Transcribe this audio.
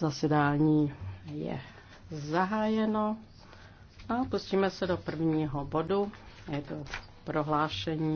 Zasedání je zahájeno a pustíme se do prvního bodu. Je to prohlášení.